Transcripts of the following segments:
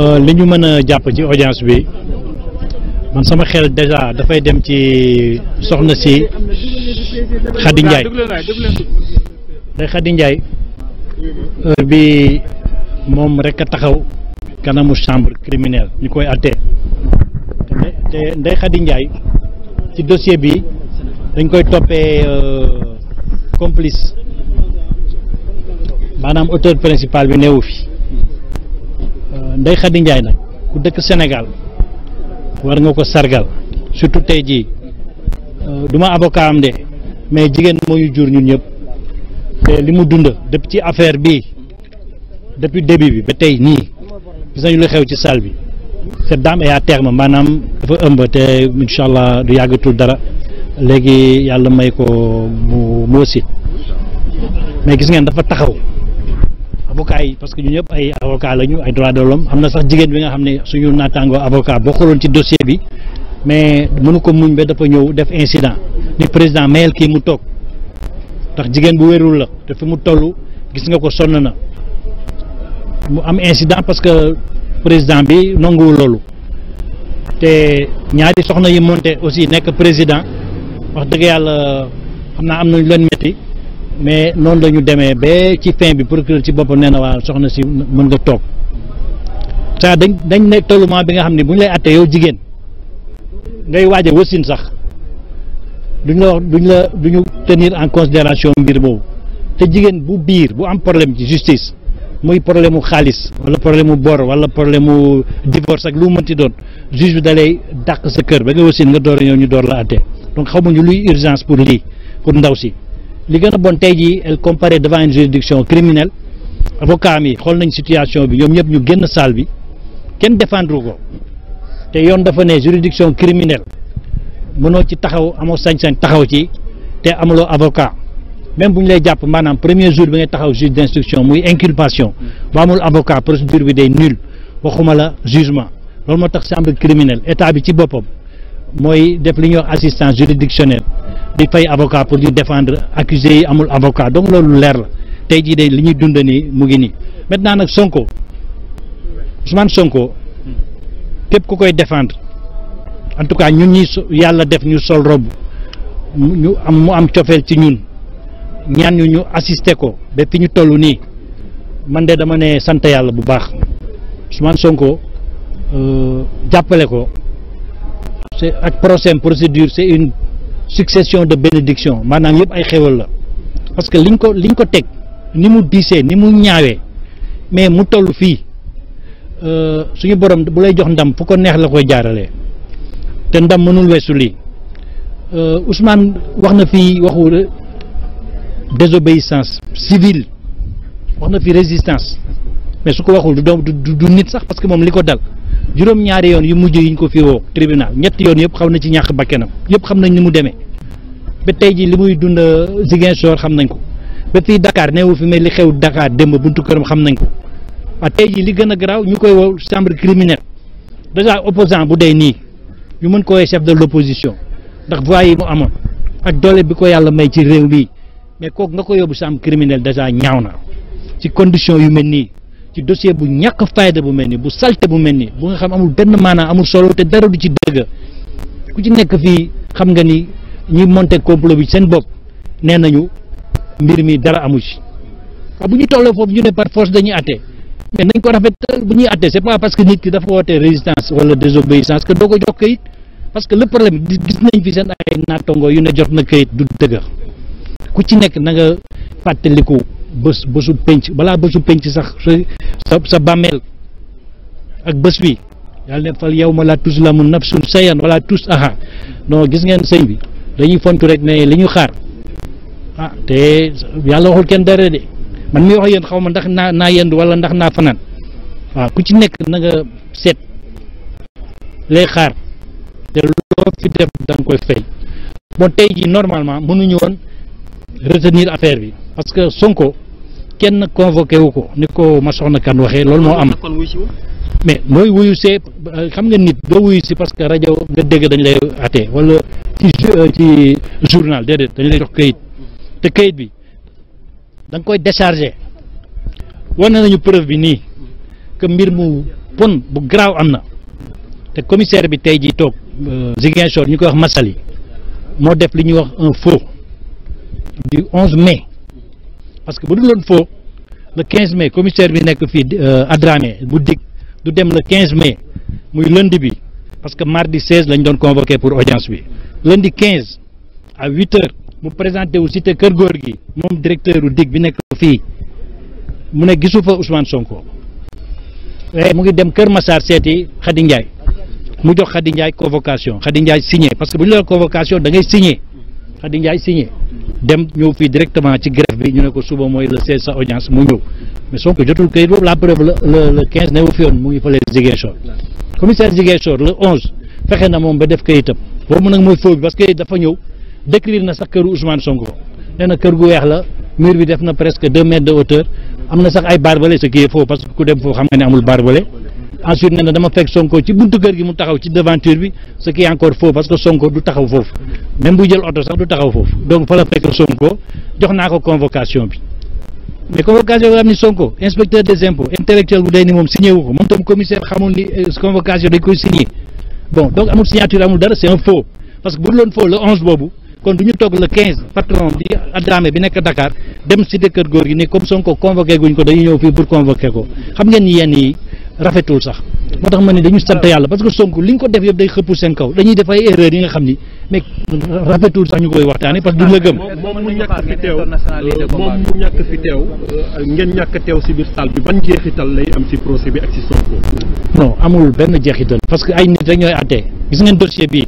Euh, li ñu mën a jàpp ci audience bi man sama xel déjà dafay dem ci soxna si Khady Ndiaye day Khady Ndiaye heure bi moom rek a taxaw kanamu chambre criminelle ñu koy atte te Ndeye Khady Ndiaye ci dossier bi dañ koy toppee euh, complice maanaam auteur principal bi neewu fi Ndeye Khady Ndiaye nag ku dëkk Sénégal war nga ko sargal surtout tey jii euh, du ma avocat de mais jigéen moo ñu jur ñun ñëpp te li mu dund depuis ci affaire bi depuis début bi ba tey nii gis nañu lu xew ci salle bi cette dame est ma terme maanaam dafa ëmb te incha allah du yàggatul dara léegi yàlla may ko mu moosi mais gis ngeen dafa taxaw avocats yi parce que ñu ñëpp ay avocats lañu ay droits de l'homme am na sax jigéen bi nga xam ne suñu naataangoo avocat boo xooloon ci dossier bi mais munu ko muñ ba dafa ñëw def incident ni président mayel kii mu toog ndax jigéen bu wérul la te fi mu toll gis nga ko sonn na mu am incident parce que président bi nanguwul loolu te ñaari soxna yi moonte aussi nekk président wax dëgg yàlla xam naa am nañ leen metti mais noonu la demee ba ci fin bi procureur ci boppam nee na waa soxna si mën nga toog ça dañ dañ ne tollument bi nga xam ne bu ñu lay àttee yow jigéen ngay waaj a wasin sax duñ la wax duñ la duñu tenir en considération mbir boobu te jigéen bu biir bu am problème ci justice muy problème mu xaalis wala problème mu bor wala problème mu divorce ak lu mënti doon juge bi dalay dàq sa kër ba nga wasin nga door a ñëw ñu door la àtte donc xamuñu luy urgence pour lii pour ndaw si li gën a bon tey jii elle comparaît devant une juridiction criminelle avocat mi xool nañ situation bi ñoom ñëpp ñu génn salle bi kenn défendre ko te yoon dafa ne juridiction criminelle mënoo ci taxaw amoo sañ-sañ taxaw ci te amuloo avocat même bu ñu lay jàpp maanaam premier jour bi ngay taxaw juge d'instruction muy inculpation ba amul avocat procédure bi day nul waxuma la jugement loolu moo tax chambre criminelle état bi ci boppam mooy def li ñuy wax assistance juridictionnelle di fay avocat pour di defendre accusé yi amul avocat donc loolu leer la tey jii de li ñuy dund nii mu ngi nii maintenant nag Sonko Ousmane Sonko képp ku koy defendre en tout cas ñun ñi yàlla def ñu sol rob ñu am mu am cofeel ci ñun ñaan ñu ñu assister ko ba fi ñu toll nii man de dama ne sant yàlla bu baax Ousmane Sonko euh, jàppale ko. c'est ak prochaine procédure c'est une succession de bénédiction maanaam yëpp ay xéwal la parce que liñ ko liñ ko teg ni mu diisee ni mu ñaawee mais mu toll fii euh, suñu borom bu lay jox ndam fu ko neex la koy jaaralee te ndam mënul weesu lii euh, Ousmane wax na fi waxu désobéissance civile wax na fi résistance mais su ko waxul du du nit sax parce que moom li ko dal. juróom-ñaari yoon yu mujj yi ko fi woo tribunal ñetti yoon yëpp xaw na ci ñàkk bakkanam yëpp xam nañ ni mu deme ba tey ji li muy dund Ziguinchor xam nañ ko ba fii Dakar neewu fi mais li xew dakaar démb buntu këram xam nañ ko ah tey ji li gën a garaaw ñu koy woo chambre criminelle déjà opposant bu dee nii ñu mën ko woowee chef de l'opposition ndax voix mu amoon ak doole bi ko yàlla may ci réew mi mais kooku nga ko yóbbu chambre criminelle déjà ñaaw na ci condition yu mel nii ci dossier bu ñàkk fayda bu mel ni bu salte bu mel ni bu nga xam amul benn maanaa amul solo te dara du ci dëgg ku ci nekk fii xam nga ni ñi monté complot bi seen bopp nee nañu mbir mi dara amu ci bu ñu tollee foofu ñu ne par dañuy àtte mais nañ ko rafetal bu ñuy àtte c'est pas parce que nit ki dafa woote résistance wala désobéissance que doo ko jox kayit parce que le problème gis nañ fi seen ay naatango yu ne jot na kayit du dëgg ku ci nekk na nga fàttaliku bés bésu penc sa sa bàmmeel ak bës wi yàlla ne fal yow ma laa tuzlamu nafsun sayan wala tus aha non gis ngeen sëñ bi dañuy fontu rek ne li ñu xaar ah te yàlla waxul kenn dara de man mi wax yéen xaw ma ndax naa naa yendu wala ndax naa fanaan waa ku ci nekk nanga nga seet lay xaar te loo fi def da koy fay bon tey ji normalement mënuñu woon affaire bi parce que Sonko kenn convoqué wu ko ni ko ma soxna kan waxee loolu moo am mais mooy wuyu see xam nga nit doo wuyu si parce que rajo nga dégg dañu lay atee walla ci euh, ci journal déedéet dañu lay jox kayit te kayit bi danga nga koy déchargé wane nañu preuve bi nii que mbir mu bon bu garaaw am na te commissaire bi tey jii toog euh, Ziguinchor ñu koy wax Massaly moo def li ñuy wax un faux du 11 mai parce que bu dul loon foo le mais mai commissaire bi nekk fii euh, Adramé bu dig du dem le 15 mai muy lundi bi parce que mardi 16 lañ doon convoqué pour audience bi lundi 15 à 8 heures mu présenté wu cité Kër Góor gi moom directeur u dig bi nekk fii mu ne gisu fa Ousmane Sonko eh, mu ngi dem Kër Massar seeti Khady Ndiaye mu jox Khady Ndiaye convocation Khady Ndiaye signé parce que bu ñu la convocation da ngay signé Khady Ndiaye dem ñëw fii directement ci greffe bi ñu ne ko suba mooy le 16 sa audience mu ñëw mais Sonko jotul kayit boobu la preuve le le 15 ne wu fi yoon mu ngi fële Ziguinchor commissaire Ziguinchor le 11 fexe na moom ba def kayitam boobu nag mooy faux bi parce que dafa ñëw décrire na sax këru Ousmane Sonko nee kër gu weex la mur bi def na presque deux mètres de hauteur am na sax ay barbelé ce qui est faux parce que ku dem foofu xam nga ne amul barbelé même bu jël oto sax du taxaw foofu donc fa la fekk Sonko jox naa ko convocation bi mais convocation bi nga ni Sonko inspecteur des impôts intellectuel bu day ni moom signé ko moom tam commissaire xamul ni euh, convocation dañ koy signé bon kon du ñu toog le 15 patron si de kër gi ni ko dañuy ñëw fii pour convoqué ko xam ngeen ni yenn yi rafetul sax moo tax ma ne dañu sant yàlla parce que Sonko li ñu ko def yëpp day xëpp seen kaw dañuy def ay yi nga xam ni. mais rafetul sax ñu koy waxtaanee parce que duñ la gëm. moom mu ñàkk fi teew ñàkk fi teew ngeen ñàkk teew si biir salle bi ban jeexital lay am si procès bi ak si Sonko. non amul benn jeexital parce que ay nit rek ñooy àttee gis ngeen dossier bii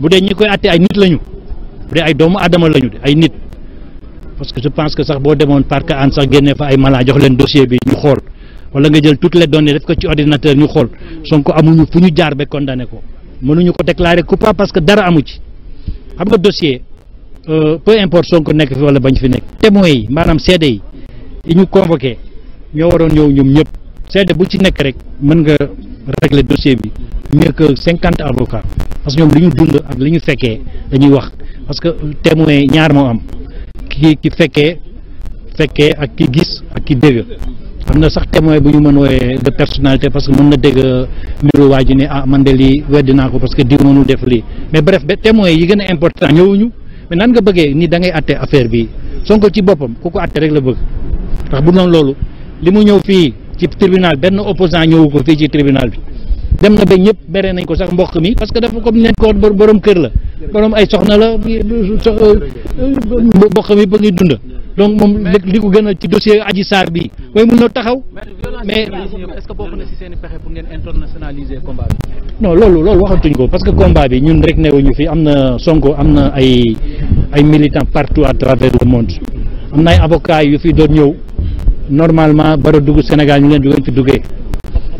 bu dee ñi koy àttee ay nit lañu bu dee ay doomu aadama lañu ay nit parce que je pense que sax boo demoon parc an sax génnee fa ay malade jox leen dossier bi ñu xool wala nga jël toutes les données def ko ci ordinateur ñu xool Sonko amuñu fu ñu jaar ba condamné ko. mënuñu ko déclarer coupable parce que dara amu ci xam nga dossier euh, peu importe Sonko nekk fi wala bañ fi nekk témoins yi maanaam seede yi yi ñu convoqué ñoo waroon ñëw ñoom ñëpp seede bu ci nekk rek mën nga régler dossier bi mieux que cinquante avocats parce que ñoom li ñu dund ak li ñu fekkee dañuy wax parce que témoins ñaar moo am ki ki fekkee fekkee ak ki gis ak ki dégg xam na sax témoin bu ñu mën wooyee de personnalité parce que mën na dégg euh, mbiru waa ne ah man de lii weddi naa ko parce que diw mënul def lii mais bref ba témoin yi gën a important ñëwuñu mais nan nga bëggee ni dangay ngay atte affaire bi Sonko ci boppam ku ko atte rek la bëgg ndax bu noonu loolu li mu ñëw fii ci tribunal benn opposant ñëwu ko fii ci tribunal bi dem na ba ñëpp mere nañ ko sax mboq mi parce que dafa ko neen ko borom kër la borom ay soxna la euh, euh, mbokk mi ba ngi dund donc moom li ko gën a ci dossier Adji Sarr bi mooy mën na taxaw. mais est seen pexe pour ngeen internationaliser combat bi. non loolu loolu waxatuñ ko parce que combat bi ñun rek newuñu fi am na Sonko am na ay ay militants partout à travers le monde am na ay avocats yu fi doon ñëw normalement bara dugg Sénégal ñu leen dugañ fi duggee.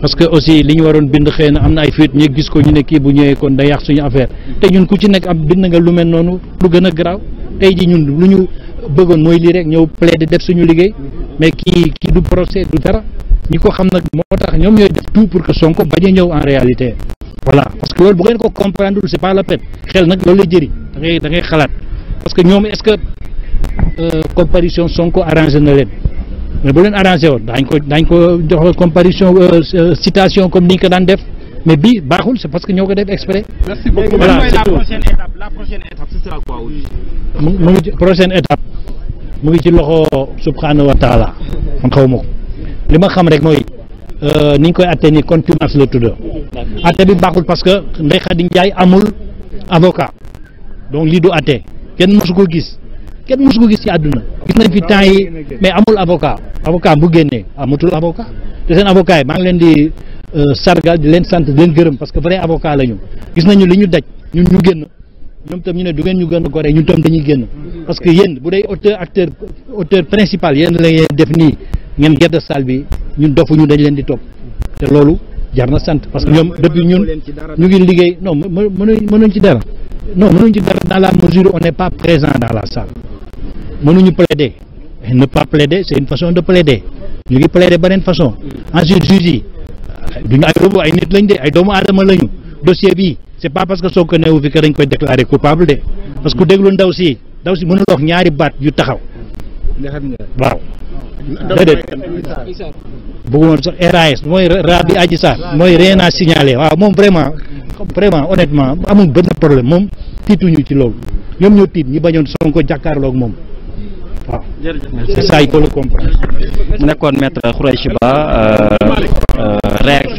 parce que aussi li ñu waroon bind xëy am na ay fuite ñu gis ko ñu ne kii bu ñëwee kon day yàq suñu affaire te ñun ku ci nekk ab bind nga lu mel noonu lu gën a garaaw tey ji ñu bëggoon mooy lii rek ñëw plaider def suñu liggéey mais kii kii du procès du dara ñi ko xam nag moo tax ñoom ñooy def tout pour que Sonko bañ a ñëw en réalité voilà parce que loolu bu ngeen ko comprendre c'est pas la peine xel nag loolu lay jëriñ da ngay xalaat parce que ñoom est-ce que euh, comparution Sonko arrangé na leen mais bu leen arrangé woon daañ ko daañ ko jox comparution euh, euh, citation comme ni ñu ko daan def mais bi baaxul c'est parce que ñoo ko def exprès. merci beaucoup voilà mu ngi ci prochaine étape mu ngi ci loxo subhanahu wa taala xaw ma ko li ma xam rek mooy euh, ni ñu koy atte ni contumace la tudd. atte bi baaxul parce que Ndeye di Ndiaye amul avocat donc lii du atte kenn mosu ko gis kenn mosu ko gis ci àdduna. gis nañ fi temps yi mais amul avocat avocat bu génnee amatul avocat te seen avocat yi maa ngi leen di. Euh, sargal di leen sant di leen gërëm parce que vrai avocat la gis nañu li ñu daj ñun ñu génn ñoom tam ñu ne du ngeen ñu gën a ñu ñun tam dañuy génn parce que yéen bu dee auteur acteur auteur principal yéen la ngeen def nii ngeen gedd salle bi ñun dofuñu dañ leen di top te loolu jar na sant parce que ñoom depuis ñun ñu ngi liggéey non mënuñ ci dara non mënuñ ci dara dans la mesure on n'est pas présent dans la salle mënuñu plaider ne pas plaider c'est une façon de plaider ñu ngi plaider beneen façon du ñu ay robot ay nit lañ de ay doomu aadama lañu dossier bii c'est pas soo ko neewu fi que dañ koy déclarer coupable de parce que déglu ndaw si ndaw si mënul wax ñaari baat yu taxaw waaw déedéet bëgguma sax RAS mooy raa bi Adji Sarr mooy rien à signaler waaw moom vraiment vraiment honnêtement amul benn problème moom tiituñu ci loolu ñoom ñoo tiit ñi bañoon ko jàkkaarlook moom waaw c'est ça il faut nekkoon maître Khoureychi Ba euh, euh, réaction